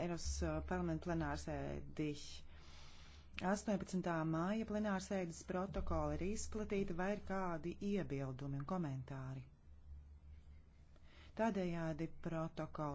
Eiros uh, parlamenta plenārsēdi. 18. māja plenārsēdes protokola ir izplatīta vai ir kādi iebildumi un komentāri. Tādējādi protokola.